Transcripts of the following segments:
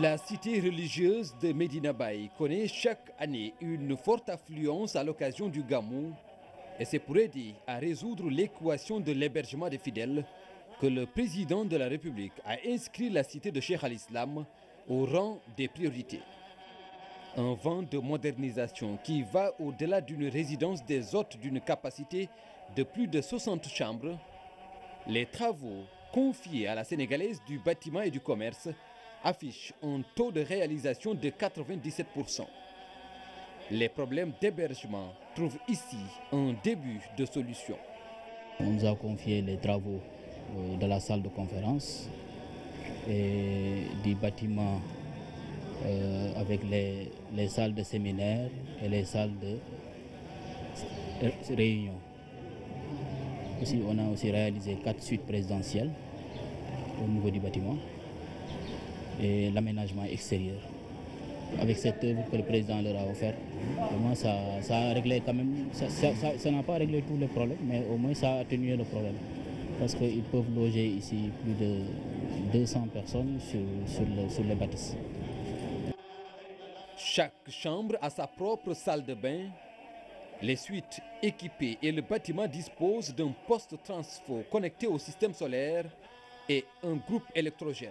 La cité religieuse de Medina Bay connaît chaque année une forte affluence à l'occasion du Gamou et c'est pour aider à résoudre l'équation de l'hébergement des fidèles que le président de la République a inscrit la cité de Cheikh al-Islam au rang des priorités. Un vent de modernisation qui va au-delà d'une résidence des hôtes d'une capacité de plus de 60 chambres. Les travaux confiés à la Sénégalaise du bâtiment et du commerce affiche un taux de réalisation de 97%. Les problèmes d'hébergement trouvent ici un début de solution. On nous a confié les travaux euh, de la salle de conférence et du bâtiment euh, avec les, salles de séminaire et les salles de euh, réunion. on a aussi réalisé quatre suites présidentielles au niveau du bâtiment et l'aménagement extérieur. Avec cette œuvre que le président leur a offerte, au moins ça, a réglé quand même, ça n'a pas réglé tous les problèmes, mais au moins ça a atténué le problème. Parce qu'ils peuvent loger ici plus de 200 personnes sur, sur, sur les bâtisses. Chaque chambre a sa propre salle de bain. Les suites équipées et le bâtiment dispose d'un poste transfo connecté au système solaire et un groupe électrogène.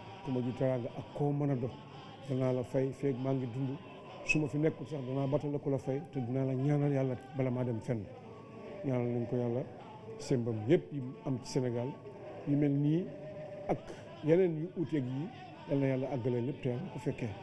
ku ma ju teraanga ak koo mën a dox danaa la fay feeg maa ngi dund su ma fi nekkul sax danaa batal la ku la fay te dinaa la ñaanal yàlla bala maa dem fenn ñaanal nañ ko yàlla sembam yëpp yi am ci Sénégal yu mel nii ak yeneen yu uuteeg yi yal na yàlla àggale lépp te yàlla ko fekkee